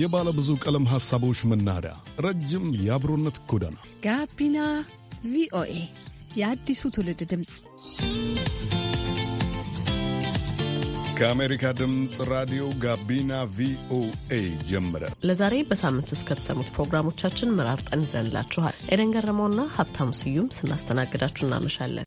የባለ ብዙ ቀለም ሐሳቦች መናኸሪያ፣ ረጅም የአብሮነት ጎዳና ጋቢና ቪኦኤ የአዲሱ ትውልድ ድምፅ ከአሜሪካ ድምፅ ራዲዮ ጋቢና ቪኦኤ ጀምረ ለዛሬ በሳምንት ውስጥ ከተሰሙት ፕሮግራሞቻችን ምራር ጠን ይዘንላችኋል። ኤደን ገረመውና ሀብታሙ ስዩም ስናስተናግዳችሁ እናመሻለን።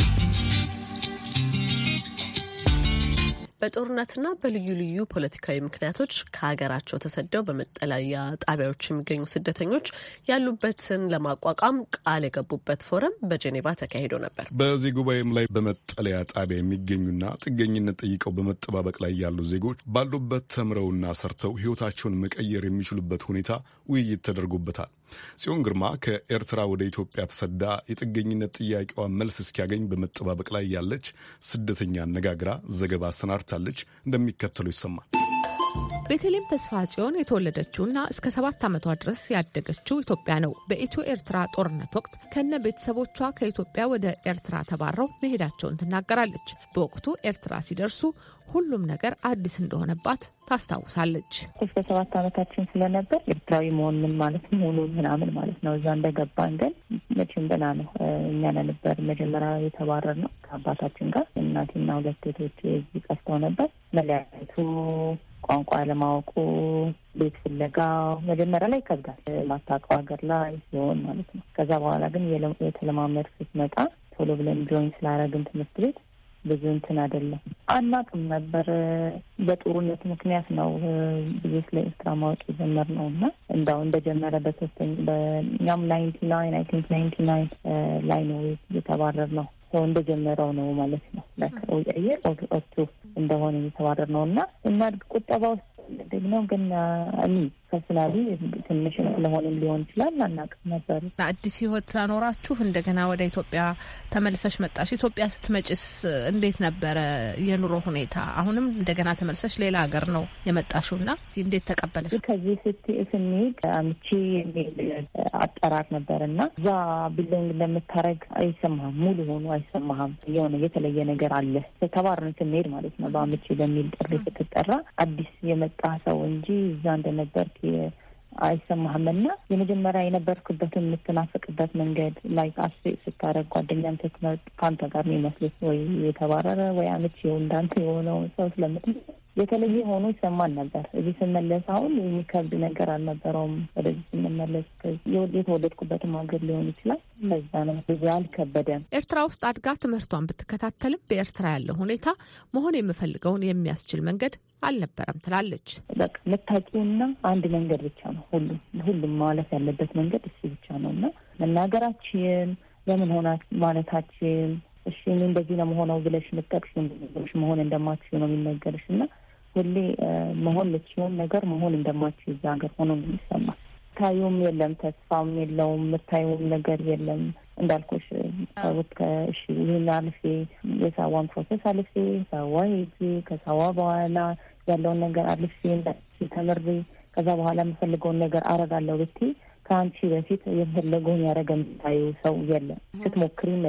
በጦርነትና በልዩ ልዩ ፖለቲካዊ ምክንያቶች ከሀገራቸው ተሰደው በመጠለያ ጣቢያዎች የሚገኙ ስደተኞች ያሉበትን ለማቋቋም ቃል የገቡበት ፎረም በጄኔቫ ተካሂዶ ነበር። በዚህ ጉባኤም ላይ በመጠለያ ጣቢያ የሚገኙና ጥገኝነት ጠይቀው በመጠባበቅ ላይ ያሉ ዜጎች ባሉበት ተምረውና ሰርተው ሕይወታቸውን መቀየር የሚችሉበት ሁኔታ ውይይት ተደርጎበታል። ጽዮን ግርማ ከኤርትራ ወደ ኢትዮጵያ ተሰዳ የጥገኝነት ጥያቄዋ መልስ እስኪያገኝ በመጠባበቅ ላይ ያለች ስደተኛ አነጋግራ ዘገባ አሰናድታለች። እንደሚከተሉ ይሰማል። ቤተልሔም ተስፋ ጽዮን የተወለደችውና እስከ ሰባት ዓመቷ ድረስ ያደገችው ኢትዮጵያ ነው። በኢትዮ ኤርትራ ጦርነት ወቅት ከነ ቤተሰቦቿ ከኢትዮጵያ ወደ ኤርትራ ተባረው መሄዳቸውን ትናገራለች። በወቅቱ ኤርትራ ሲደርሱ ሁሉም ነገር አዲስ እንደሆነባት ታስታውሳለች። እስከ ሰባት ዓመታችን ስለነበር ኤርትራዊ መሆን ምን ማለት ሙሉ ምናምን ማለት ነው። እዛ እንደገባን ግን መቼም ገና ነው። እኛ ነበር መጀመሪያ የተባረር ነው ከአባታችን ጋር እናቴና ሁለት እህቶቼ እዚህ ቀስተው ነበር መለያየቱ ቋንቋ ለማወቁ ቤት ፍለጋ መጀመሪያ ላይ ይከብዳል፣ ማታውቀው ሀገር ላይ ሲሆን ማለት ነው። ከዛ በኋላ ግን የተለማመድ ስትመጣ ቶሎ ብለን ጆይን ስላረግን ትምህርት ቤት ብዙ እንትን አይደለም አናውቅም ነበር። በጥሩነት ምክንያት ነው ብዙ ስለ ኤርትራ ማወቅ ነው እና እንዳው እንደጀመረ በሶስተኛ በእኛም ናይንቲ ናይን አይ ቲንክ ናይንቲ ናይን ላይ ነው የተባረር ነው ሰው እንደጀመረው ነው ማለት ነው። ለሰው የአየር ወቅቱ እንደሆነ እየተባረር ነው እና እናድግ ቁጠባ ውስጥ ደግሞ ግን እኔ ሰው ትንሽ ትንሽም ሊሆን ይችላል አናውቅም ነበሩ። አዲስ ህይወት ላኖራችሁ እንደገና ወደ ኢትዮጵያ ተመልሰሽ መጣሽ። ኢትዮጵያ ስትመጭስ እንዴት ነበረ የኑሮ ሁኔታ? አሁንም እንደገና ተመልሰሽ ሌላ ሀገር ነው የመጣሽው እና እንዴት ተቀበለሽ? ከዚህ ስት ስንሄድ አምቺ የሚል አጠራር ነበር እና እዛ ቢሎንግ እንደምታረግ አይሰማህም፣ ሙሉ ሆኑ አይሰማህም። የሆነ የተለየ ነገር አለ ተባርን ስንሄድ ማለት ነው። በአምቺ በሚል ጥሪ ስትጠራ አዲስ የመጣ ሰው እንጂ እዛ እንደነበር አይሰማህም አይሰማህምና የመጀመሪያ የነበርክበትን የምትናፍቅበት መንገድ ላይ አስ ስታደርግ ጓደኛም ትክመ ከአንተ ጋር የሚመስሉት ወይ የተባረረ ወይ አመቺ እንዳንተ የሆነው ሰው ስለምት የተለየ ሆኖ ይሰማን ነበር። እዚህ ስመለስ አሁን የሚከብድ ነገር አልነበረውም። ወደዚህ ስንመለስ የተወለድኩበትም ሀገር ሊሆን ይችላል። ለዛ ነው ብዙ አልከበደም። ኤርትራ ውስጥ አድጋ ትምህርቷን ብትከታተልም በኤርትራ ያለው ሁኔታ መሆን የምፈልገውን የሚያስችል መንገድ አልነበረም ትላለች። በቃ የምታውቂውና አንድ መንገድ ብቻ ነው። ሁሉም ሁሉም ማለፍ ያለበት መንገድ እሱ ብቻ ነው እና መናገራችን ለምን ሆና ማለታችን እሺ እኔ እንደዚህ ነው መሆነው ብለሽ ምጠቅስ ነገሮች መሆን እንደማትችው ነው የሚነገርሽ እና ሁሌ መሆን ልችሆን ነገር መሆን እንደማትችው እዛ ሀገር ሆኖ ነው የሚሰማ። ታዩም የለም ተስፋም የለውም ምታዩም ነገር የለም። እንዳልኩሽ ሰውት ከእሺ ይህን አልፌ የሳዋን ፕሮሰስ አልፌ ሳዋ ሄጄ ከሳዋ በኋላ ያለውን ነገር አልፌ ተምሬ ከዛ በኋላ የምፈልገውን ነገር አረጋለሁ ብቴ ከአንቺ በፊት የፈለገውን ያደረገ የምታዩ ሰው የለም። ስትሞክሪም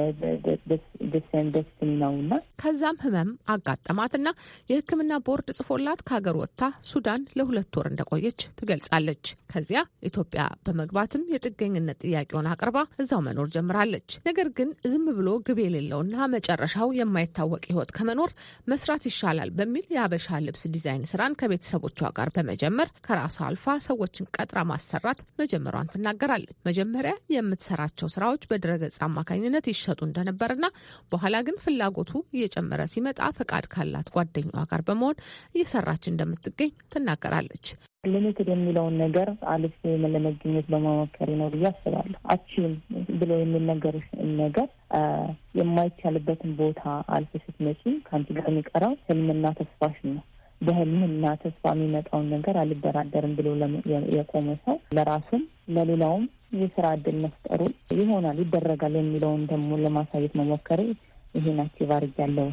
ደስን ደስትን ነው እና ከዛም ህመም አጋጠማትና የህክምና ቦርድ ጽፎላት ከሀገር ወጥታ ሱዳን ለሁለት ወር እንደቆየች ትገልጻለች። ከዚያ ኢትዮጵያ በመግባትም የጥገኝነት ጥያቄውን አቅርባ እዛው መኖር ጀምራለች። ነገር ግን ዝም ብሎ ግብ የሌለውና መጨረሻው የማይታወቅ ህይወት ከመኖር መስራት ይሻላል በሚል የአበሻ ልብስ ዲዛይን ስራን ከቤተሰቦቿ ጋር በመጀመር ከራሷ አልፋ ሰዎችን ቀጥራ ማሰራት መጀመሯን ትናገራለች። መጀመሪያ የምትሰራቸው ስራዎች በድረገጽ አማካኝነት ይሸጡ እንደነበርና በኋላ ግን ፍላጎቱ እየጨመረ ሲመጣ ፈቃድ ካላት ጓደኛዋ ጋር በመሆን እየሰራች እንደምትገኝ ትናገራለች። ሊሚትድ የሚለውን ነገር አልፍ ለመገኘት በመሞከሬ ነው ብዬ አስባለሁ። አቺም ብሎ የሚነገሩሽ ነገር የማይቻልበትን ቦታ አልፍ ስትመጪ ከአንቺ ጋር የሚቀረው ህልምና ተስፋሽ ነው። በህልምና ተስፋ የሚመጣውን ነገር አልደራደርም ብሎ የቆመ ሰው ለራሱም ለሌላውም የስራ እድል መፍጠሩ ይሆናል ይደረጋል የሚለውን ደግሞ ለማሳየት መሞከሬ ይሄን አክቲቭ አድርጊያለሁ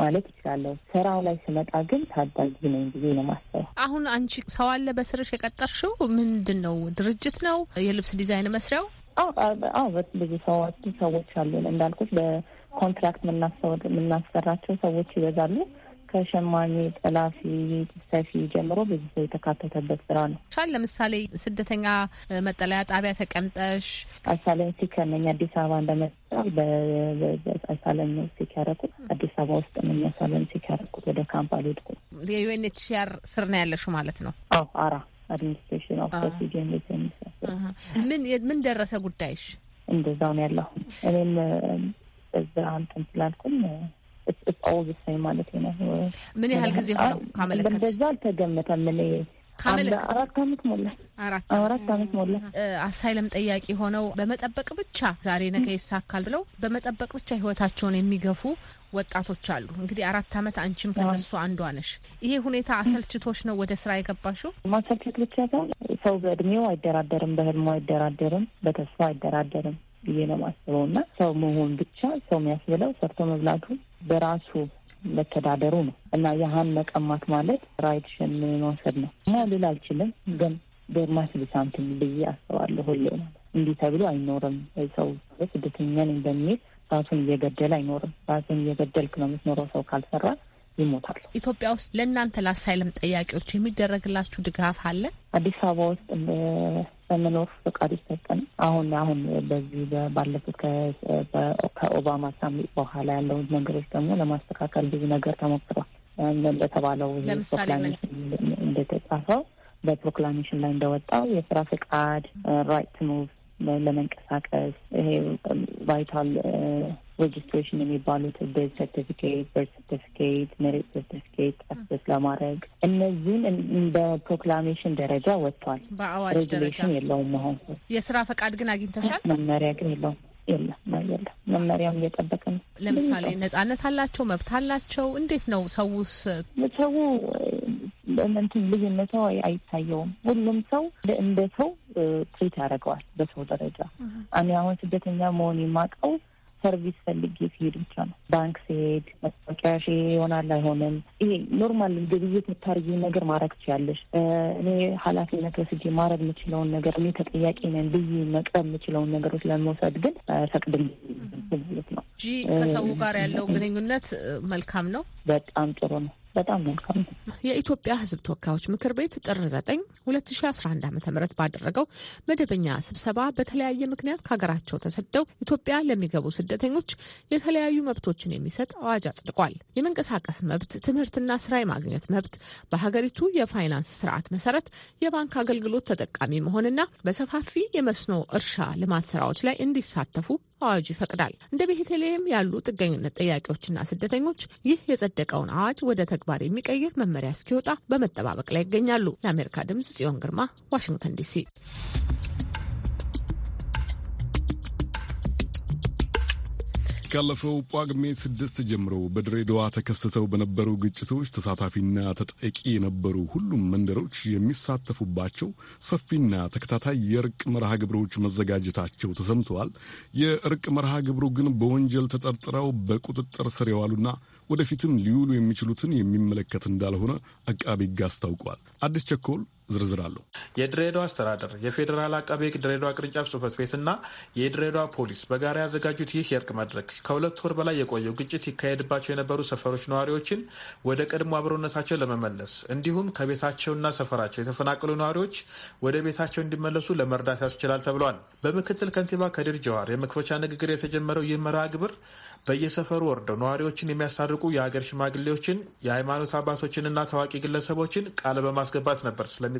ማለት ይችላለሁ። ስራው ላይ ስመጣ ግን ታዳጊ ነኝ ጊዜ ነው ማሰብ። አሁን አንቺ ሰው አለ በስርሽ የቀጠርሽው ምንድን ነው? ድርጅት ነው? የልብስ ዲዛይን መስሪያው? አዎ ብዙ ሰዎች ሰዎች አሉ እንዳልኩት በኮንትራክት የምናሰራቸው ሰዎች ይበዛሉ። ከሸማኔ፣ ጠላፊ፣ ሰፊ ጀምሮ ብዙ ሰው የተካተተበት ስራ ነው። ሻል ለምሳሌ ስደተኛ መጠለያ ጣቢያ ተቀምጠሽ አሳለም ሲከነኝ አዲስ አበባ እንደመጣሁ በአሳለም ሲክ ያረኩት አዲስ አበባ ውስጥ ምን አሳለም ሲክ ያረኩት ወደ ካምፕ አልሄድኩም። የዩኤንኤችሲአር ስር ነው ያለሽው ማለት ነው? አዎ አራ አድሚኒስትሬሽን ኦፍ ፕሮሲጀን ምን ምን ደረሰ ጉዳይሽ? እንደዛውን ያለሁ እኔም በዛ እንትን ስላልኩም ማለት ምን ያህል ጊዜ ሆነው ካመለከት? እንደዛ አልተገመተም። እኔ አራት አመት ሞላ አራት አመት ሞላ። አሳይለም ጠያቂ ሆነው በመጠበቅ ብቻ ዛሬ ነገ ይሳካል ብለው በመጠበቅ ብቻ ህይወታቸውን የሚገፉ ወጣቶች አሉ። እንግዲህ አራት አመት አንቺም ከነሱ አንዷ ነሽ። ይሄ ሁኔታ አሰልችቶች ነው ወደ ስራ የገባሽው? ማሰልቸት ብቻ ሳይሆን ሰው በእድሜው አይደራደርም፣ በህልሙ አይደራደርም፣ በተስፋ አይደራደርም ብዬ ነው ማስበው እና ሰው መሆን ብቻ ሰው የሚያስብለው ሰርቶ መብላቱ በራሱ መተዳደሩ ነው እና ያህን መቀማት ማለት ራይትሽን መውሰድ ነው እና ልል አልችልም፣ ግን ዶርማስ ብሳንትን ብዬ አስባለሁ። ሁሌ እንዲህ ተብሎ አይኖርም። ሰው ስደተኛ ነኝ በሚል ራሱን እየገደል አይኖርም። ራሱን እየገደልክ ነው የምትኖረው ሰው ካልሰራ ይሞታሉ። ኢትዮጵያ ውስጥ ለእናንተ ለአሳይለም ጠያቂዎች የሚደረግላችሁ ድጋፍ አለ? አዲስ አበባ ውስጥ በመኖር ፈቃድ ይሰጠን። አሁን አሁን በዚህ ባለፉት ከኦባማ ሳሚት በኋላ ያለውን ነገሮች ደግሞ ለማስተካከል ብዙ ነገር ተሞክሯል። እንደተባለው እንደተጻፈው በፕሮክላሜሽን ላይ እንደወጣው የስራ ፍቃድ ራይት ሙቭ ለመንቀሳቀስ ይሄ ቫይታል ሬጅስትሬሽን የሚባሉት ቤዝ ሰርቲፊኬት፣ በርዝ ሰርቲፊኬት፣ ሜሪት ሰርቲፊኬት አክሰስ ለማድረግ እነዚህን በፕሮክላሜሽን ደረጃ ወጥቷል። ሬጉሌሽን የለውም። መሆን የስራ ፈቃድ ግን አግኝተሻል? መመሪያ ግን የለውም። የለም የለም። መመሪያም እየጠበቀ ነው። ለምሳሌ ነጻነት አላቸው፣ መብት አላቸው። እንዴት ነው ሰውስ? ሰው እንትን ልዩነቱ አይታየውም። ሁሉም ሰው እንደ ሰው ትሪት ያደርገዋል በሰው ደረጃ። እኔ አሁን ስደተኛ መሆን የማውቀው ሰርቪስ ፈልጌ ሲሄድ ብቻ ነው። ባንክ ሲሄድ መታወቂያ ይሆናል አይሆንም። ይሄ ኖርማል ግብይት የምታርጊ ነገር ማድረግ ትችያለሽ። እኔ ኃላፊነት ወስጄ ማድረግ የምችለውን ነገር እኔ ተጠያቂ ነን ብዬ መቅረብ የምችለውን ነገሮች ለመውሰድ ግን ፈቅድም ነው ከሰው ጋር ያለው ግንኙነት መልካም ነው። በጣም ጥሩ ነው። በጣም መልካም ነው። የኢትዮጵያ ሕዝብ ተወካዮች ምክር ቤት ጥር 9 2011 ዓ ም ባደረገው መደበኛ ስብሰባ በተለያየ ምክንያት ከሀገራቸው ተሰደው ኢትዮጵያ ለሚገቡ ስደተኞች የተለያዩ መብቶችን የሚሰጥ አዋጅ አጽድቋል። የመንቀሳቀስ መብት፣ ትምህርትና ስራ የማግኘት መብት፣ በሀገሪቱ የፋይናንስ ስርዓት መሰረት የባንክ አገልግሎት ተጠቃሚ መሆንና በሰፋፊ የመስኖ እርሻ ልማት ስራዎች ላይ እንዲሳተፉ አዋጁ ይፈቅዳል። እንደ ቤተልሔም ያሉ ጥገኝነት ጠያቂዎችና ስደተኞች ይህ የጸደቀውን አዋጅ ወደ ተግባር የሚቀይር መመሪያ እስኪወጣ በመጠባበቅ ላይ ይገኛሉ። ለአሜሪካ ድምጽ ጽዮን ግርማ ዋሽንግተን ዲሲ። ካለፈው ጳጉሜ ስድስት ጀምሮ በድሬዳዋ ተከስተው በነበሩ ግጭቶች ተሳታፊና ተጠቂ የነበሩ ሁሉም መንደሮች የሚሳተፉባቸው ሰፊና ተከታታይ የእርቅ መርሃ ግብሮች መዘጋጀታቸው ተሰምተዋል። የእርቅ መርሃ ግብሩ ግን በወንጀል ተጠርጥረው በቁጥጥር ስር የዋሉና ወደፊትም ሊውሉ የሚችሉትን የሚመለከት እንዳልሆነ አቃቤ ሕግ አስታውቋል። አዲስ ቸኮል ዝርዝር አለው። የድሬዳዋ አስተዳደር፣ የፌዴራል አቃቤ ሕግ ድሬዳዋ ቅርንጫፍ ጽህፈት ቤትና የድሬዳዋ ፖሊስ በጋራ ያዘጋጁት ይህ የእርቅ መድረክ ከሁለት ወር በላይ የቆየው ግጭት ይካሄድባቸው የነበሩ ሰፈሮች ነዋሪዎችን ወደ ቀድሞ አብሮነታቸው ለመመለስ እንዲሁም ከቤታቸውና ሰፈራቸው የተፈናቀሉ ነዋሪዎች ወደ ቤታቸው እንዲመለሱ ለመርዳት ያስችላል ተብሏል። በምክትል ከንቲባ ከዲር ጀዋር የመክፈቻ ንግግር የተጀመረው ይህ መርሃ ግብር በየሰፈሩ ወርደው ነዋሪዎችን የሚያስታርቁ የሀገር ሽማግሌዎችን፣ የሃይማኖት አባቶችንና ታዋቂ ግለሰቦችን ቃል በማስገባት ነበር ስለሚ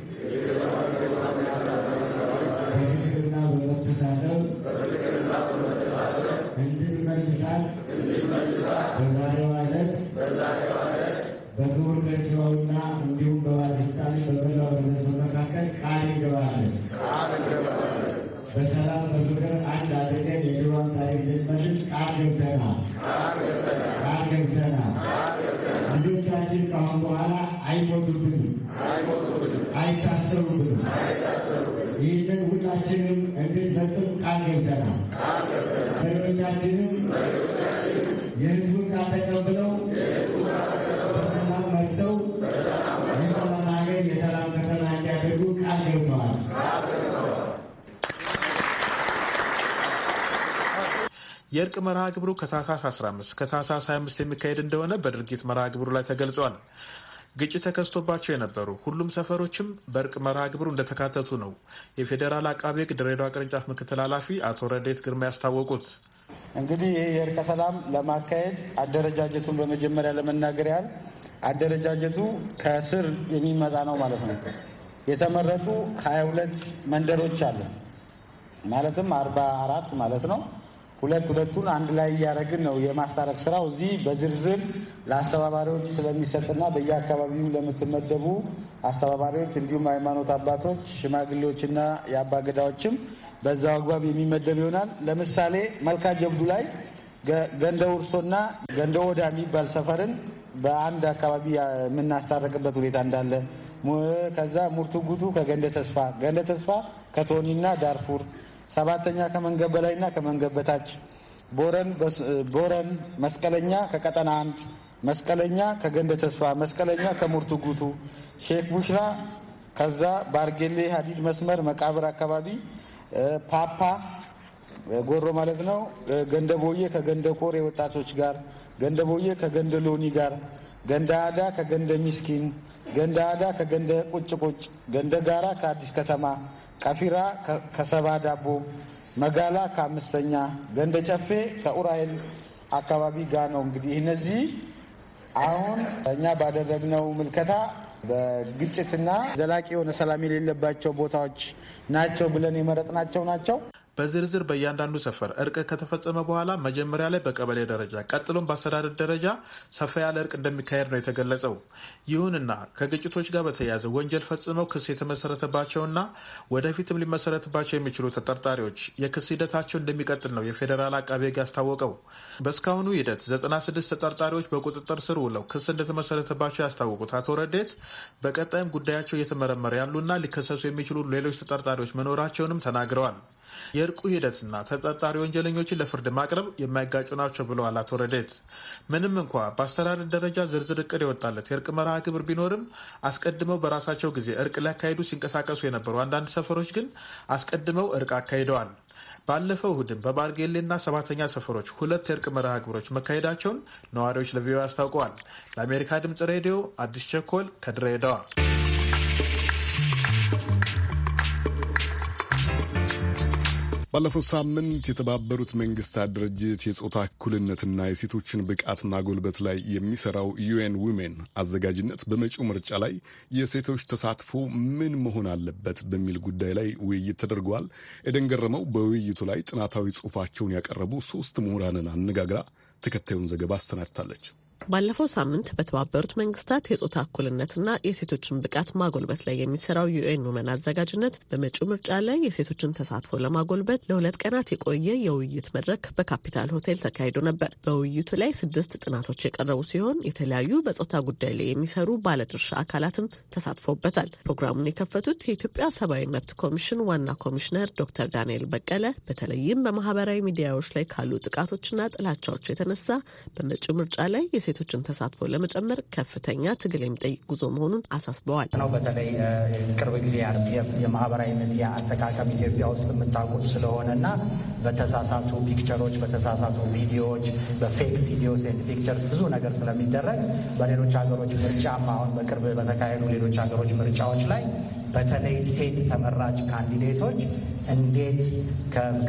ቃል ገብተናል። ቃል ተቀብለው በሰላም መጥተው የሰላም ሀገር፣ የሰላም ከተማ እንዲያደርጉ ቃል ገብተዋል። የእርቅ መርሃ ግብሩ ከታህሳስ 15 ከታህሳስ 25 የሚካሄድ እንደሆነ በድርጊት መርሃ ግብሩ ላይ ተገልጿል። ግጭት ተከስቶባቸው የነበሩ ሁሉም ሰፈሮችም በእርቅ መርሃ ግብሩ እንደተካተቱ ነው የፌዴራል አቃቤ ሕግ ድሬዳዋ ቅርንጫፍ ምክትል ኃላፊ አቶ ረዴት ግርማ ያስታወቁት። እንግዲህ ይህ የእርቀ ሰላም ለማካሄድ አደረጃጀቱን በመጀመሪያ ለመናገር ያህል አደረጃጀቱ ከስር የሚመጣ ነው ማለት ነው። የተመረጡ 22 መንደሮች አሉ ማለትም 44 ማለት ነው ሁለት ሁለቱን አንድ ላይ እያደረግን ነው የማስታረቅ ስራው። እዚህ በዝርዝር ለአስተባባሪዎች ስለሚሰጥና በየአካባቢው ለምትመደቡ አስተባባሪዎች እንዲሁም ሃይማኖት አባቶች ሽማግሌዎችና የአባ ገዳዎችም በዛው አግባብ የሚመደብ ይሆናል። ለምሳሌ መልካ ጀብዱ ላይ ገንደ ውርሶና ገንደ ወዳ የሚባል ሰፈርን በአንድ አካባቢ የምናስታረቅበት ሁኔታ እንዳለ ከዛ ሙርቱ ጉቱ ከገንደ ተስፋ ገንደ ተስፋ ከቶኒና ዳርፉር ሰባተኛ ከመንገድ በላይና ከመንገድ በታች ቦረን መስቀለኛ ከቀጠና አንድ መስቀለኛ ከገንደ ተስፋ መስቀለኛ ከሙርቱ ጉቱ ሼክ ቡሽራ ከዛ ባርጌሌ ሀዲድ መስመር መቃብር አካባቢ ፓፓ ጎሮ ማለት ነው። ገንደ ቦዬ ከገንደ ቆሬ ወጣቶች ጋር፣ ገንደ ቦዬ ከገንደ ሎኒ ጋር፣ ገንደ አዳ ከገንደ ሚስኪን፣ ገንደ አዳ ከገንደ ቁጭቁጭ፣ ገንደ ጋራ ከአዲስ ከተማ፣ ቀፊራ ከሰባ ዳቦ፣ መጋላ ከአምስተኛ፣ ገንደ ጨፌ ከኡራኤል አካባቢ ጋ ነው። እንግዲህ እነዚህ አሁን እኛ ባደረግነው ምልከታ በግጭትና ዘላቂ የሆነ ሰላም የሌለባቸው ቦታዎች ናቸው ብለን የመረጥናቸው ናቸው። በዝርዝር በእያንዳንዱ ሰፈር እርቅ ከተፈጸመ በኋላ መጀመሪያ ላይ በቀበሌ ደረጃ ቀጥሎም በአስተዳደር ደረጃ ሰፋ ያለ እርቅ እንደሚካሄድ ነው የተገለጸው። ይሁንና ከግጭቶች ጋር በተያያዘ ወንጀል ፈጽመው ክስ የተመሰረተባቸውና ወደፊትም ሊመሰረትባቸው የሚችሉ ተጠርጣሪዎች የክስ ሂደታቸው እንደሚቀጥል ነው የፌዴራል አቃቤ ሕግ ያስታወቀው። በእስካሁኑ ሂደት 96 ተጠርጣሪዎች በቁጥጥር ስር ውለው ክስ እንደተመሰረተባቸው ያስታወቁት አቶ ረዴት በቀጣይም ጉዳያቸው እየተመረመረ ያሉና ሊከሰሱ የሚችሉ ሌሎች ተጠርጣሪዎች መኖራቸውንም ተናግረዋል። የእርቁ ሂደትና ተጠርጣሪ ወንጀለኞችን ለፍርድ ማቅረብ የማይጋጩ ናቸው ብለዋል አቶ ረዴት። ምንም እንኳ በአስተዳደር ደረጃ ዝርዝር እቅድ የወጣለት የእርቅ መርሃ ግብር ቢኖርም አስቀድመው በራሳቸው ጊዜ እርቅ ሊያካሂዱ ሲንቀሳቀሱ የነበሩ አንዳንድ ሰፈሮች ግን አስቀድመው እርቅ አካሂደዋል። ባለፈው እሁድም በባርጌሌና ሰባተኛ ሰፈሮች ሁለት የእርቅ መርሃ ግብሮች መካሄዳቸውን ነዋሪዎች ለቪኦኤ አስታውቀዋል። ለአሜሪካ ድምጽ ሬዲዮ አዲስ ቸኮል ከድሬዳዋ ባለፈው ሳምንት የተባበሩት መንግስታት ድርጅት የጾታ እኩልነትና የሴቶችን ብቃት ማጎልበት ላይ የሚሰራው ዩኤን ዊሜን አዘጋጅነት በመጪው ምርጫ ላይ የሴቶች ተሳትፎ ምን መሆን አለበት በሚል ጉዳይ ላይ ውይይት ተደርጓል። ኤደን ገረመው በውይይቱ ላይ ጥናታዊ ጽሑፋቸውን ያቀረቡ ሶስት ምሁራንን አነጋግራ ተከታዩን ዘገባ አሰናድታለች። ባለፈው ሳምንት በተባበሩት መንግስታት የጾታ እኩልነትና የሴቶችን ብቃት ማጎልበት ላይ የሚሰራው ዩኤን ውመን አዘጋጅነት በመጪው ምርጫ ላይ የሴቶችን ተሳትፎ ለማጎልበት ለሁለት ቀናት የቆየ የውይይት መድረክ በካፒታል ሆቴል ተካሂዶ ነበር። በውይይቱ ላይ ስድስት ጥናቶች የቀረቡ ሲሆን የተለያዩ በጾታ ጉዳይ ላይ የሚሰሩ ባለድርሻ አካላትም ተሳትፎበታል። ፕሮግራሙን የከፈቱት የኢትዮጵያ ሰብአዊ መብት ኮሚሽን ዋና ኮሚሽነር ዶክተር ዳንኤል በቀለ በተለይም በማህበራዊ ሚዲያዎች ላይ ካሉ ጥቃቶችና ጥላቻዎች የተነሳ በመጪው ምርጫ ላይ ሴቶችን ተሳትፎ ለመጨመር ከፍተኛ ትግል የሚጠይቅ ጉዞ መሆኑን አሳስበዋል። ነው በተለይ ቅርብ ጊዜ የማህበራዊ ሚዲያ አጠቃቀም ኢትዮጵያ ውስጥ የምታውቁት ስለሆነና በተሳሳቱ ፒክቸሮች፣ በተሳሳቱ ቪዲዮዎች፣ በፌክ ቪዲዮስ ኤንድ ፒክቸርስ ብዙ ነገር ስለሚደረግ በሌሎች ሀገሮች ምርጫም አሁን በቅርብ በተካሄዱ ሌሎች ሀገሮች ምርጫዎች ላይ በተለይ ሴት ተመራጭ ካንዲዴቶች እንዴት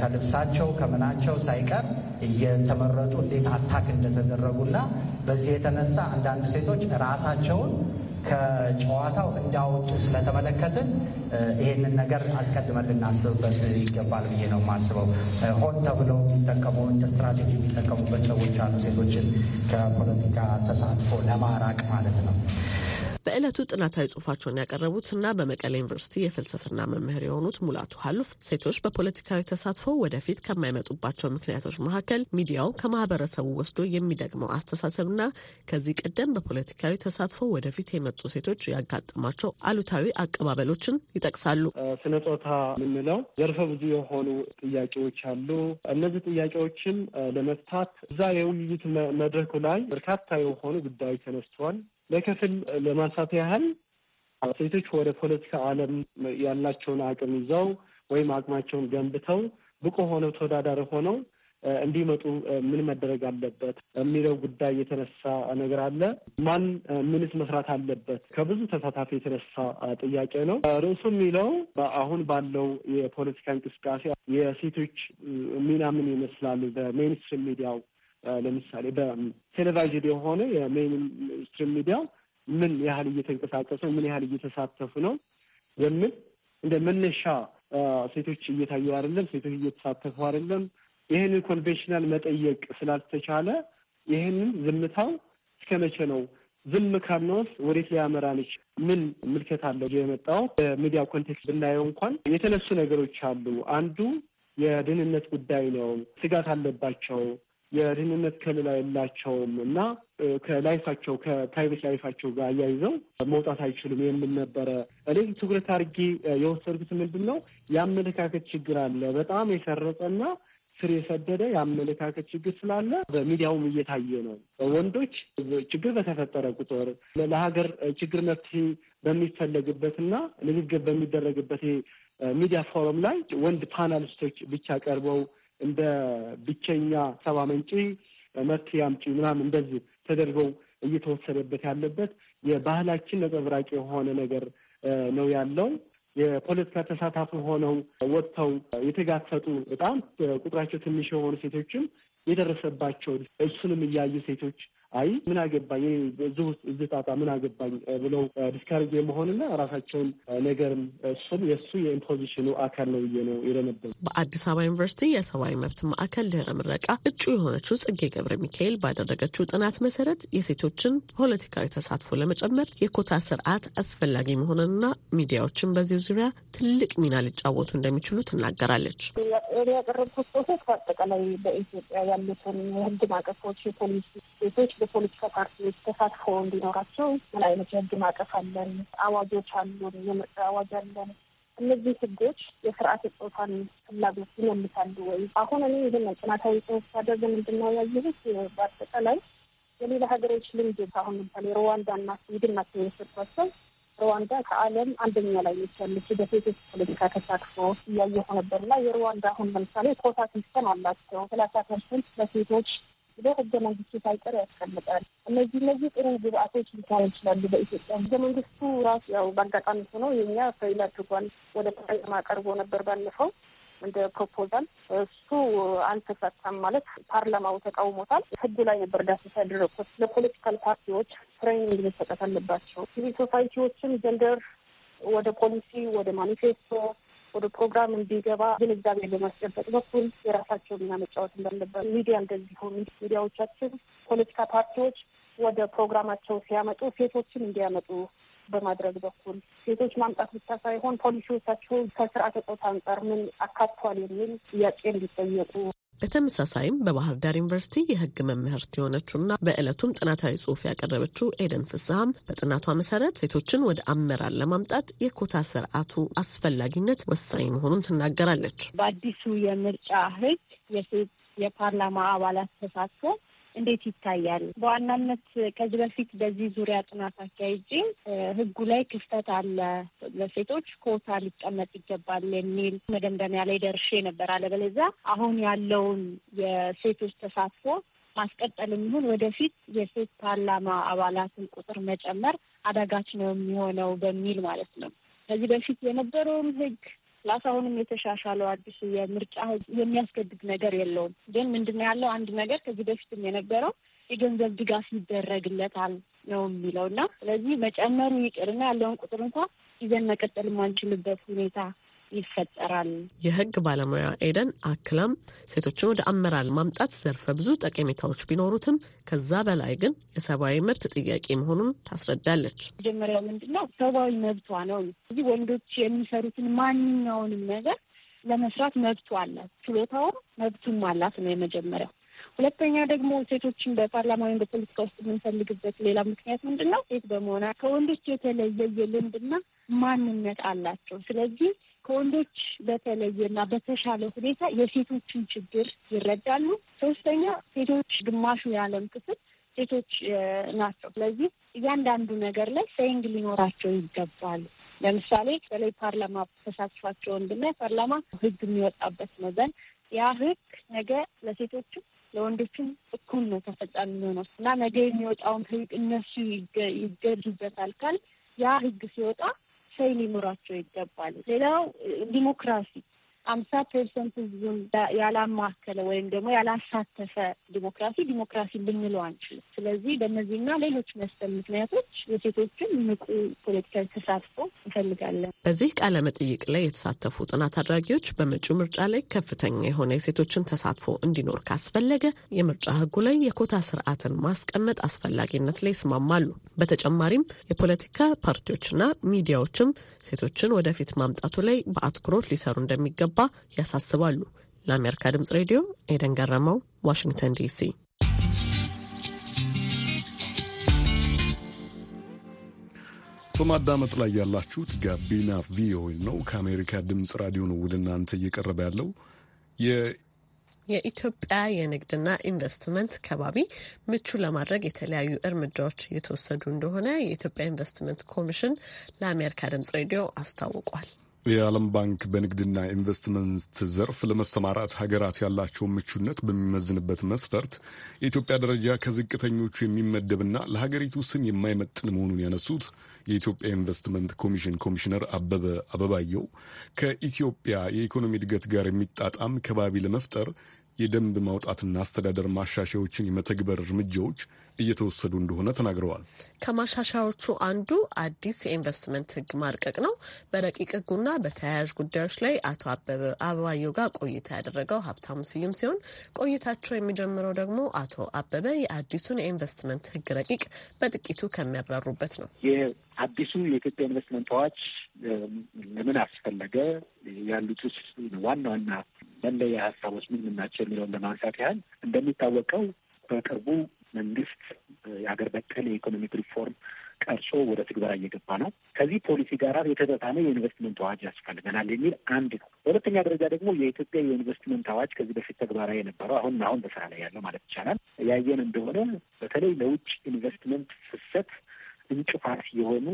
ከልብሳቸው ከምናቸው ሳይቀር እየተመረጡ እንዴት አታክ እንደተደረጉና በዚህ የተነሳ አንዳንድ ሴቶች ራሳቸውን ከጨዋታው እንዳወጡ ስለተመለከትን ይህንን ነገር አስቀድመን ልናስብበት ይገባል ብዬ ነው የማስበው። ሆን ተብለው የሚጠቀሙ እንደ ስትራቴጂ የሚጠቀሙበት ሰዎች አሉ፣ ሴቶችን ከፖለቲካ ተሳትፎ ለማራቅ ማለት ነው። በዕለቱ ጥናታዊ ጽሁፋቸውን እና በመቀሌ ዩኒቨርሲቲ የፍልስፍና መምህር የሆኑት ሙላቱ ሀሉፍ ሴቶች በፖለቲካዊ ተሳትፎ ወደፊት ከማይመጡባቸው ምክንያቶች መካከል ሚዲያው ከማህበረሰቡ ወስዶ የሚደግመው አስተሳሰብና ከዚህ ቀደም በፖለቲካዊ ተሳትፎ ወደፊት የመጡ ሴቶች ያጋጠማቸው አሉታዊ አቀባበሎችን ይጠቅሳሉ። ስነ ጾታ የምንለው ዘርፈ ብዙ የሆኑ ጥያቄዎች አሉ። እነዚህ ጥያቄዎችም ለመፍታት እዛ የውይይት መድረኩ ላይ በርካታ የሆኑ ጉዳዮች ተነስተዋል። በከፊል ለማንሳት ያህል ሴቶች ወደ ፖለቲካ ዓለም ያላቸውን አቅም ይዘው ወይም አቅማቸውን ገንብተው ብቁ ሆነው ተወዳዳሪ ሆነው እንዲመጡ ምን መደረግ አለበት የሚለው ጉዳይ የተነሳ ነገር አለ። ማን ምንስ መስራት አለበት ከብዙ ተሳታፊ የተነሳ ጥያቄ ነው። ርዕሱ የሚለው አሁን ባለው የፖለቲካ እንቅስቃሴ የሴቶች ሚና ምን ይመስላል በሜንስትሪም ሚዲያው ለምሳሌ በቴሌቪዥን የሆነ የሜይን ስትሪም ሚዲያ ምን ያህል እየተንቀሳቀሰ ምን ያህል እየተሳተፉ ነው የሚል እንደ መነሻ ሴቶች እየታዩ አይደለም፣ ሴቶች እየተሳተፉ አይደለም። ይህንን ኮንቬንሽናል መጠየቅ ስላልተቻለ ይህንን ዝምታው እስከ መቼ ነው? ዝም ካልነውስ ወዴት ሊያመራንች? ምን ምልከት አለ የመጣው በሚዲያ ኮንቴክስት ብናየው እንኳን የተነሱ ነገሮች አሉ። አንዱ የደህንነት ጉዳይ ነው። ስጋት አለባቸው የደህንነት ከለላ የላቸውም እና ከላይፋቸው ከፕራይቬት ላይፋቸው ጋር አያይዘው መውጣት አይችሉም የምል ነበረ። እኔ ትኩረት አድርጌ የወሰድኩት ምንድን ነው የአመለካከት ችግር አለ በጣም የሰረጸና ስር የሰደደ የአመለካከት ችግር ስላለ በሚዲያውም እየታየ ነው። ወንዶች ችግር በተፈጠረ ቁጥር ለሀገር ችግር መፍትሄ በሚፈለግበትና ንግግር በሚደረግበት ሚዲያ ፎረም ላይ ወንድ ፓናሊስቶች ብቻ ቀርበው እንደ ብቸኛ ሰባ መንጪ መፍትሄ አምጪ ምናምን እንደዚህ ተደርገው እየተወሰደበት ያለበት የባህላችን ነጸብራቅ የሆነ ነገር ነው ያለው። የፖለቲካ ተሳታፊ ሆነው ወጥተው የተጋፈጡ በጣም ቁጥራቸው ትንሽ የሆኑ ሴቶችም የደረሰባቸው እሱንም እያዩ ሴቶች አይ ምን አገባኝ እዚህ ውስጥ እዚህ ጣጣ ምን አገባኝ ብለው ዲስካሬጅ የመሆንና ራሳቸውን ነገርም እሱም የእሱ የኢምፖዚሽኑ አካል ነው ብዬ ነው የደነበሩ። በአዲስ አበባ ዩኒቨርሲቲ የሰብአዊ መብት ማዕከል ድህረ ምረቃ እጩ የሆነችው ጽጌ ገብረ ሚካኤል ባደረገችው ጥናት መሰረት የሴቶችን ፖለቲካዊ ተሳትፎ ለመጨመር የኮታ ስርዓት አስፈላጊ መሆኑንና ሚዲያዎችን በዚህ ዙሪያ ትልቅ ሚና ሊጫወቱ እንደሚችሉ ትናገራለች። ያቀረብኩት ጽሁፍ አጠቃላይ በኢትዮጵያ ያሉትን የህግ ማዕቀፎች፣ የፖሊሲ ሴቶች የፖለቲካ ፓርቲዎች ተሳትፎ እንዲኖራቸው ምን አይነት የህግ ማቀፍ አለን? አዋጆች አሉን፣ የምርጫ አዋጅ አለን። እነዚህ ህጎች የስርዓት የጾታን ፍላጎት ይመልሳሉ ወይ? አሁን እኔ ይህን ጥናታዊ ጽሁፍ ሳደርግ ምንድን ነው ያየሁት? በአጠቃላይ የሌላ ሀገሮች ልምድ አሁን ለምሳሌ ሩዋንዳና ስዊድን ናቸው የወሰድኳቸው። ሩዋንዳ ከዓለም አንደኛ ላይ ያለች በሴቶች ፖለቲካ ተሳትፎ እያየሁ ነበር እና የሩዋንዳ አሁን ለምሳሌ ኮታ ሲስተም አላቸው ሰላሳ ፐርሰንት ለሴቶች ብሎ ህገ መንግስቱ ሳይቀር ያስቀምጣል። እነዚህ እነዚህ ጥሩ ግብአቶች ሊሆኑ ይችላሉ። በኢትዮጵያ ህገ መንግስቱ ራሱ ያው በአጋጣሚ ሆኖ የኛ ፈይል አድርጓል። ወደ ፓርላማ ቀርቦ ነበር ባለፈው እንደ ፕሮፖዛል እሱ አልተሳካም። ማለት ፓርላማው ተቃውሞታል። ህጉ ላይ ነበር ዳሰሳ ያደረግኩት። ለፖለቲካል ፓርቲዎች ትሬኒንግ መሰጠት አለባቸው። ሲቪል ሶሳይቲዎችም ጀንደር ወደ ፖሊሲ ወደ ማኒፌስቶ ወደ ፕሮግራም እንዲገባ ግንዛቤ በማስጨበጥ በኩል የራሳቸውን ሚና መጫወት እንዳለበት ሚዲያ እንደዚህ ሆኑ ሚዲያዎቻችን ፖለቲካ ፓርቲዎች ወደ ፕሮግራማቸው ሲያመጡ ሴቶችን እንዲያመጡ በማድረግ በኩል ሴቶች ማምጣት ብቻ ሳይሆን ፖሊሲዎቻቸው ከስርዓተ ፆታ አንጻር ምን አካቷል የሚል ጥያቄ እንዲጠየቁ በተመሳሳይም በባህር ዳር ዩኒቨርሲቲ የሕግ መምህርት የሆነችውና በዕለቱም ጥናታዊ ጽሑፍ ያቀረበችው ኤደን ፍስሀም በጥናቷ መሰረት ሴቶችን ወደ አመራር ለማምጣት የኮታ ስርዓቱ አስፈላጊነት ወሳኝ መሆኑን ትናገራለች። በአዲሱ የምርጫ ሕግ የሴት የፓርላማ አባላት ተሳትፎ እንዴት ይታያል? በዋናነት ከዚህ በፊት በዚህ ዙሪያ ጥናት አካሄጄ ህጉ ላይ ክፍተት አለ፣ ለሴቶች ኮታ ሊቀመጥ ይገባል የሚል መደምደሚያ ላይ ደርሼ ነበር። አለበለዚያ አሁን ያለውን የሴቶች ተሳትፎ ማስቀጠል የሚሆን ወደፊት የሴት ፓርላማ አባላትን ቁጥር መጨመር አዳጋች ነው የሚሆነው በሚል ማለት ነው። ከዚህ በፊት የነበረውን ህግ ፕላስ አሁንም የተሻሻለው አዲሱ የምርጫ ህግ የሚያስገድድ ነገር የለውም። ግን ምንድነው ያለው አንድ ነገር ከዚህ በፊትም የነበረው የገንዘብ ድጋፍ ይደረግለታል ነው የሚለው እና ስለዚህ መጨመሩ ይቅርና ያለውን ቁጥር እንኳ ይዘን መቀጠል የማንችልበት ሁኔታ ይፈጠራል። የህግ ባለሙያ ኤደን አክላም ሴቶችን ወደ አመራር ማምጣት ዘርፈ ብዙ ጠቀሜታዎች ቢኖሩትም ከዛ በላይ ግን የሰብአዊ መብት ጥያቄ መሆኑን ታስረዳለች። መጀመሪያው ምንድነው ሰብአዊ መብቷ ነው። እዚህ ወንዶች የሚሰሩትን ማንኛውንም ነገር ለመስራት መብቱ አላት፣ ችሎታውም መብቱም አላት ነው የመጀመሪያው። ሁለተኛ ደግሞ ሴቶችን በፓርላማ ወይም በፖለቲካ ውስጥ የምንፈልግበት ሌላ ምክንያት ምንድን ነው? ሴት በመሆና ከወንዶች የተለየ የልምድና ማንነት አላቸው። ስለዚህ ከወንዶች በተለየ እና በተሻለ ሁኔታ የሴቶችን ችግር ይረዳሉ። ሶስተኛ ሴቶች ግማሹ የዓለም ክፍል ሴቶች ናቸው። ስለዚህ እያንዳንዱ ነገር ላይ ሰይንግ ሊኖራቸው ይገባል። ለምሳሌ በተለይ ፓርላማ ተሳትፏቸውን ብናይ ፓርላማ ህግ የሚወጣበት መዘን ያ ህግ ነገ ለሴቶችም ለወንዶችም እኩል ነው ተፈጻሚ የሚሆነው እና ነገ የሚወጣውን ህግ እነሱ ይገዙበታል ካል ያ ህግ ሲወጣ እሰይ ሊኖራቸው ይገባል። ሌላው ዲሞክራሲ አምሳ ፐርሰንት ህዝቡን ያላማከለ ወይም ደግሞ ያላሳተፈ ዲሞክራሲ ዲሞክራሲ ልንለው አንችልም። ስለዚህ በእነዚህና ሌሎች መሰል ምክንያቶች የሴቶችን ንቁ ፖለቲካዊ ተሳትፎ እንፈልጋለን። በዚህ ቃለ መጠይቅ ላይ የተሳተፉ ጥናት አድራጊዎች በመጪው ምርጫ ላይ ከፍተኛ የሆነ የሴቶችን ተሳትፎ እንዲኖር ካስፈለገ የምርጫ ህጉ ላይ የኮታ ስርዓትን ማስቀመጥ አስፈላጊነት ላይ ይስማማሉ። በተጨማሪም የፖለቲካ ፓርቲዎችና ሚዲያዎችም ሴቶችን ወደፊት ማምጣቱ ላይ በአትኩሮት ሊሰሩ እንደሚገባ እንደሚገባ ያሳስባሉ። ለአሜሪካ ድምጽ ሬዲዮ ኤደን ገረመው፣ ዋሽንግተን ዲሲ። በማዳመጥ ላይ ያላችሁት ጋቢና ቪኦኤ ነው። ከአሜሪካ ድምፅ ራዲዮ ነው ወደ እናንተ እየቀረበ ያለው። የኢትዮጵያ የንግድና ኢንቨስትመንት ከባቢ ምቹ ለማድረግ የተለያዩ እርምጃዎች እየተወሰዱ እንደሆነ የኢትዮጵያ ኢንቨስትመንት ኮሚሽን ለአሜሪካ ድምፅ ሬዲዮ አስታውቋል። የዓለም ባንክ በንግድና ኢንቨስትመንት ዘርፍ ለመሰማራት ሀገራት ያላቸውን ምቹነት በሚመዝንበት መስፈርት የኢትዮጵያ ደረጃ ከዝቅተኞቹ የሚመደብና ለሀገሪቱ ስም የማይመጥን መሆኑን ያነሱት የኢትዮጵያ ኢንቨስትመንት ኮሚሽን ኮሚሽነር አበበ አበባየው ከኢትዮጵያ የኢኮኖሚ እድገት ጋር የሚጣጣም ከባቢ ለመፍጠር የደንብ ማውጣትና አስተዳደር ማሻሻዎችን የመተግበር እርምጃዎች እየተወሰዱ እንደሆነ ተናግረዋል። ከማሻሻያዎቹ አንዱ አዲስ የኢንቨስትመንት ሕግ ማርቀቅ ነው። በረቂቅ ሕጉና በተያያዥ ጉዳዮች ላይ አቶ አበበ አበባየው ጋር ቆይታ ያደረገው ሀብታሙ ስዩም ሲሆን ቆይታቸው የሚጀምረው ደግሞ አቶ አበበ የአዲሱን የኢንቨስትመንት ሕግ ረቂቅ በጥቂቱ ከሚያብራሩበት ነው። አዲሱ የኢትዮጵያ ኢንቨስትመንት አዋጅ ለምን አስፈለገ ያሉት ውስጥ ዋና ዋና መለያ ሀሳቦች ምን ምን ናቸው የሚለውን ለማንሳት ያህል እንደሚታወቀው በቅርቡ መንግስት የአገር በቀል የኢኮኖሚክ ሪፎርም ቀርጾ ወደ ትግበራ እየገባ ነው። ከዚህ ፖሊሲ ጋር የተጠጣመ የኢንቨስትመንት አዋጅ ያስፈልገናል የሚል አንድ ነው። በሁለተኛ ደረጃ ደግሞ የኢትዮጵያ የኢንቨስትመንት አዋጅ ከዚህ በፊት ተግባራዊ የነበረው አሁን አሁን በስራ ላይ ያለው ማለት ይቻላል ያየን እንደሆነ በተለይ ለውጭ ኢንቨስትመንት ፍሰት እንቅፋት የሆኑ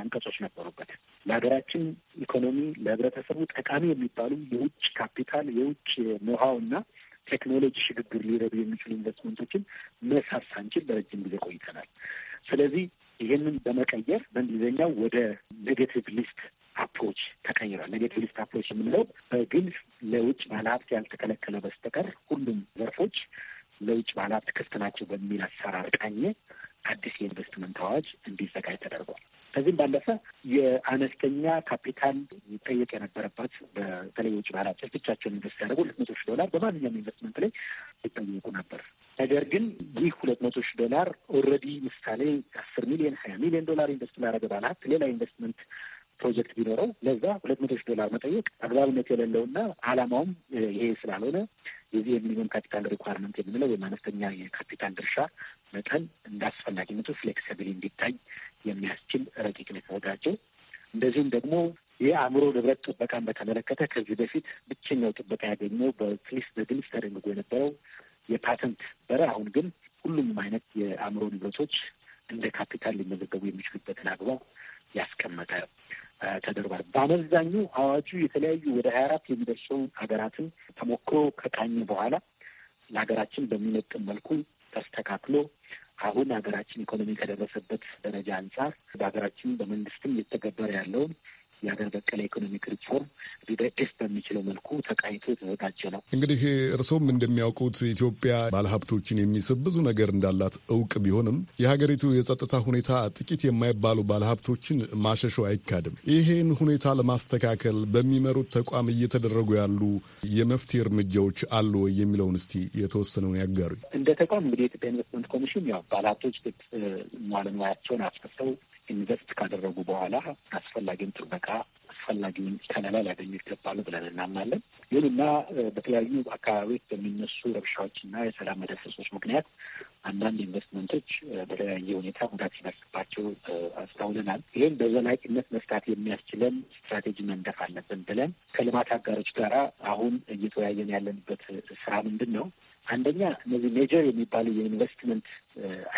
አንቀጾች ነበሩበት። ለሀገራችን ኢኮኖሚ፣ ለህብረተሰቡ ጠቃሚ የሚባሉ የውጭ ካፒታል፣ የውጭ ኖሃው እና ቴክኖሎጂ ሽግግር ሊረዱ የሚችሉ ኢንቨስትመንቶችን መሳብ ሳንችል በረጅም ጊዜ ቆይተናል። ስለዚህ ይህንን በመቀየር በእንግሊዝኛው ወደ ኔጌቲቭ ሊስት አፕሮች ተቀይሯል። ኔጌቲቭ ሊስት አፕሮች የምንለው በግልጽ ለውጭ ባለሀብት ያልተከለከለ በስተቀር ሁሉም ዘርፎች ለውጭ ባለሀብት ክፍት ናቸው በሚል አሰራር ቃኘ አዲስ የኢንቨስትመንት አዋጅ እንዲዘጋጅ ተደርጓል። ከዚህም ባለፈ የአነስተኛ ካፒታል ይጠየቅ የነበረባት በተለይ ውጭ ባላጭር ብቻቸውን ኢንቨስት ያደርጉ ሁለት መቶ ሺህ ዶላር በማንኛውም ኢንቨስትመንት ላይ ይጠየቁ ነበር። ነገር ግን ይህ ሁለት መቶ ሺህ ዶላር ኦልሬዲ ምሳሌ አስር ሚሊዮን ሀያ ሚሊዮን ዶላር ኢንቨስት ላደረገ ባለ ሌላ ኢንቨስትመንት ፕሮጀክት ቢኖረው ለዛ ሁለት መቶ ሺህ ዶላር መጠየቅ አግባብነት የሌለውና አላማውም ይሄ ስላልሆነ የዚህ የሚኒመም ካፒታል ሪኳርመንት የምንለው ወይም አነስተኛ የካፒታል ድርሻ መጠን አስፈላጊነቱ ፍሌክሲብል እንዲታይ የሚያስችል ረቂቅ ነው የተዘጋጀው። እንደዚሁም ደግሞ የአእምሮ ንብረት ጥበቃን በተመለከተ ከዚህ በፊት ብቸኛው ጥበቃ ያገኘው በግልጽ በግልጽ ተደንግጎ የነበረው የፓተንት በረ አሁን ግን ሁሉም አይነት የአእምሮ ንብረቶች እንደ ካፒታል ሊመዘገቡ የሚችሉበትን አግባብ ያስቀመጠ ተደርጓል። በአመዛኙ አዋጁ የተለያዩ ወደ ሀያ አራት የሚደርሰው ሀገራትን ተሞክሮ ከቃኘ በኋላ ለሀገራችን በሚመጥን መልኩ ተስተካክሎ አሁን ሀገራችን ኢኮኖሚ ከደረሰበት ደረጃ አንጻር በሀገራችን በመንግስትም እየተገበረ ያለውን የሀገር በቀል ኢኮኖሚክ ሪፎርም ሊደግፍ በሚችለው መልኩ ተቃይቶ የተዘጋጀ ነው። እንግዲህ እርስዎም እንደሚያውቁት ኢትዮጵያ ባለሀብቶችን የሚስብ ብዙ ነገር እንዳላት እውቅ ቢሆንም የሀገሪቱ የጸጥታ ሁኔታ ጥቂት የማይባሉ ባለሀብቶችን ማሸሾ አይካድም። ይሄን ሁኔታ ለማስተካከል በሚመሩት ተቋም እየተደረጉ ያሉ የመፍትሄ እርምጃዎች አሉ ወይ የሚለውን እስቲ የተወሰነውን ያጋሩ። እንደ ተቋም እንግዲህ የኢትዮጵያ ኢንቨስትመንት ኮሚሽን ያው ባለሀብቶች ግጥ ሙዓለ አስከፍተው ኢንቨስት ካደረጉ በኋላ አስፈላጊውን ጥበቃ አስፈላጊውን ከለላ ሊያገኙ ይገባሉ ብለን እናምናለን። ይሁንና በተለያዩ አካባቢዎች በሚነሱ ረብሻዎችና የሰላም መደፍረሶች ምክንያት አንዳንድ ኢንቨስትመንቶች በተለያየ ሁኔታ ጉዳት ሲደርስባቸው አስተውለናል። ይህም በዘላቂነት መፍታት የሚያስችለን ስትራቴጂ መንደፍ አለብን ብለን ከልማት አጋሮች ጋራ አሁን እየተወያየን ያለንበት ስራ ምንድን ነው? አንደኛ እነዚህ ሜጀር የሚባሉ የኢንቨስትመንት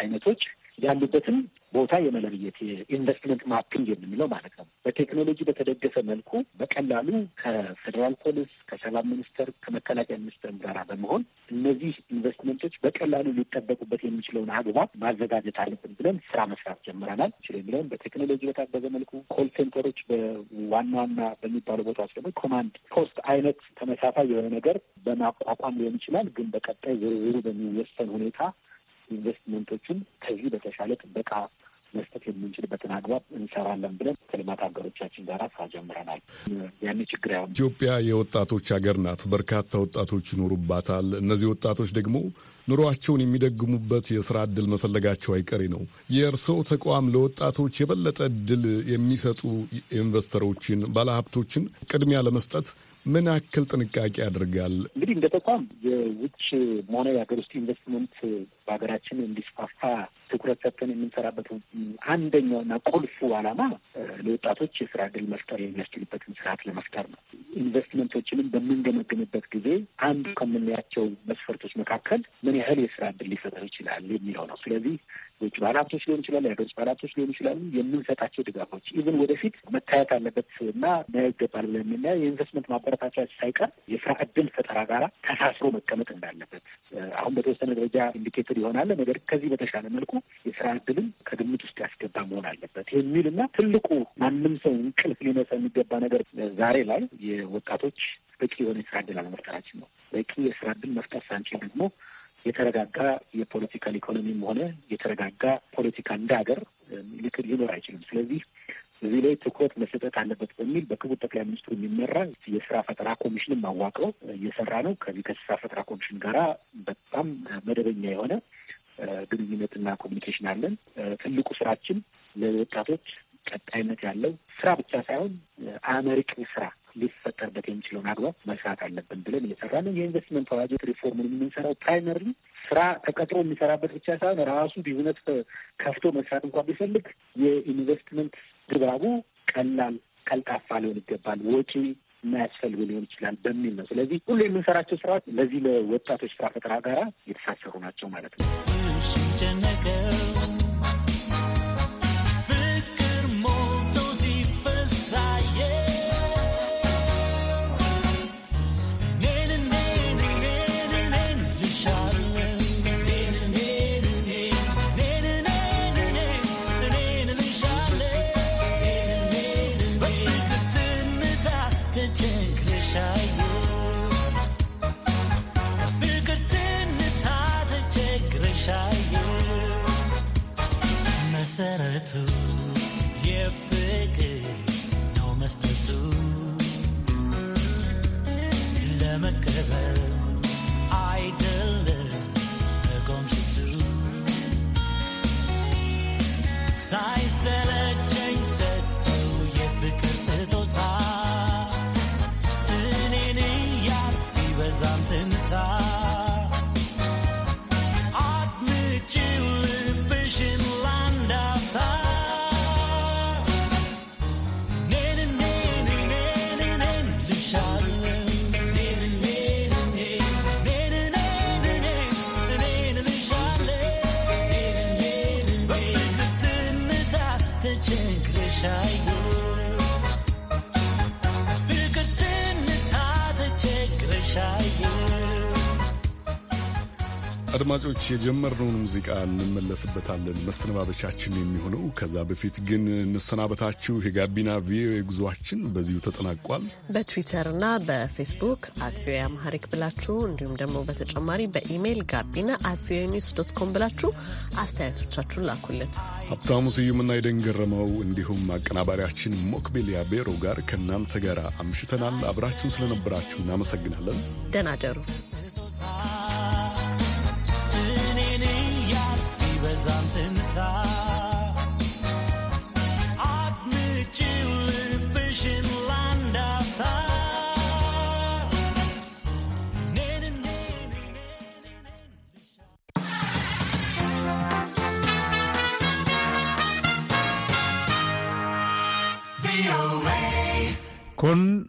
አይነቶች ያሉበትን ቦታ የመለየት የኢንቨስትመንት ማፒንግ የምንለው ማለት ነው። በቴክኖሎጂ በተደገፈ መልኩ በቀላሉ ከፌዴራል ፖሊስ፣ ከሰላም ሚኒስቴር፣ ከመከላከያ ሚኒስቴርም ጋር በመሆን እነዚህ ኢንቨስትመንቶች በቀላሉ ሊጠበቁበት የሚችለውን አግባብ ማዘጋጀት አለብን ብለን ስራ መስራት ጀምረናል። ችል የሚለውን በቴክኖሎጂ በታገዘ መልኩ ኮል ሴንተሮች በዋና ዋና በሚባሉ ቦታዎች ደግሞ ኮማንድ ፖስት አይነት ተመሳሳይ የሆነ ነገር በማቋቋም ሊሆን ይችላል። ግን በቀጣይ ዝርዝሩ በሚወሰን ሁኔታ ኢንቨስትመንቶችን ከዚህ በተሻለ ጥበቃ መስጠት የምንችልበትን አግባብ እንሰራለን ብለን ከልማት ሀገሮቻችን ጋር ስራ ጀምረናል። ያን ችግር ያ ኢትዮጵያ የወጣቶች ሀገር ናት። በርካታ ወጣቶች ይኖሩባታል። እነዚህ ወጣቶች ደግሞ ኑሯቸውን የሚደግሙበት የስራ እድል መፈለጋቸው አይቀሬ ነው። የእርስዎ ተቋም ለወጣቶች የበለጠ እድል የሚሰጡ ኢንቨስተሮችን፣ ባለሀብቶችን ቅድሚያ ለመስጠት ምን ያክል ጥንቃቄ ያደርጋል? እንግዲህ እንደ ተቋም የውጭ መሆነ የሀገር ውስጥ ኢንቨስትመንት በሀገራችን እንዲስፋፋ ትኩረት ሰጥተን የምንሰራበት አንደኛውና ቁልፉ ዓላማ ለወጣቶች የስራ እድል መፍጠር የሚያስችልበትን ስርዓት ለመፍጠር ነው። ኢንቨስትመንቶችንም በምንገመግምበት ጊዜ አንዱ ከምናያቸው መስፈርቶች መካከል ምን ያህል የስራ እድል ሊፈጠር ይችላል የሚለው ነው። ስለዚህ ድርጅቶች ባለሀብቶች ሊሆን ይችላል፣ የሀገር ውስጥ ባለሀብቶች ሊሆን ይችላሉ የምንሰጣቸው ድጋፎች ኢቭን ወደፊት መታየት አለበት እና ና ይገባል ብለን የምናየው የኢንቨስትመንት ማበረታቻ ሳይቀር የስራ እድል ፈጠራ ጋራ ተሳስሮ መቀመጥ እንዳለበት አሁን በተወሰነ ደረጃ ኢንዲኬተር ይሆናል። ነገር ከዚህ በተሻለ መልኩ የስራ እድልም ከግምት ውስጥ ያስገባ መሆን አለበት የሚል እና ትልቁ ማንም ሰው እንቅልፍ ሊነሳ የሚገባ ነገር ዛሬ ላይ የወጣቶች በቂ የሆነ የስራ እድል አለመፍጠራችን ነው። በቂ የስራ እድል መፍጠር ሳንችል ደግሞ የተረጋጋ የፖለቲካል ኢኮኖሚም ሆነ የተረጋጋ ፖለቲካ እንደ ሀገር ሊኖር አይችልም። ስለዚህ እዚህ ላይ ትኩረት መሰጠት አለበት በሚል በክቡር ጠቅላይ ሚኒስትሩ የሚመራ የስራ ፈጠራ ኮሚሽንም አዋቅረው እየሰራ ነው። ከዚህ ከስራ ፈጠራ ኮሚሽን ጋራ በጣም መደበኛ የሆነ ግንኙነትና ኮሚኒኬሽን አለን። ትልቁ ስራችን ለወጣቶች ቀጣይነት ያለው ስራ ብቻ ሳይሆን አመርቂ ስራ ሊፈጠርበት የሚችለውን አግባብ መስራት አለብን ብለን እየሰራ ነው። የኢንቨስትመንት ፕሮጀክት ሪፎርምን የምንሰራው ፕራይመሪ ስራ ተቀጥሮ የሚሰራበት ብቻ ሳይሆን ራሱ ቢዝነስ ከፍቶ መስራት እንኳን ቢፈልግ የኢንቨስትመንት ድባቡ ቀላል፣ ቀልጣፋ ሊሆን ይገባል ወጪ የማያስፈልጉ ሊሆን ይችላል በሚል ነው። ስለዚህ ሁሉ የምንሰራቸው ስራዎች ለዚህ ለወጣቶች ስራ ፈጠራ ጋራ የተሳሰሩ ናቸው ማለት ነው። to አድማጮች የጀመርነውን ሙዚቃ እንመለስበታለን መሰነባበቻችን የሚሆነው። ከዛ በፊት ግን እንሰናበታችሁ። የጋቢና ቪኦኤ ጉዟችን በዚሁ ተጠናቋል። በትዊተርና በፌስቡክ አት ቪኦኤ አምሃሪክ ብላችሁ እንዲሁም ደግሞ በተጨማሪ በኢሜይል ጋቢና አት ቪኦኤ ኒውስ ዶት ኮም ብላችሁ አስተያየቶቻችሁን ላኩልን። ሀብታሙ ስዩምና የደንገረመው እንዲሁም አቀናባሪያችን ሞክቤሊያ ቤሮ ጋር ከእናንተ ጋር አምሽተናል። አብራችሁን ስለነበራችሁ እናመሰግናለን። ደናደሩ con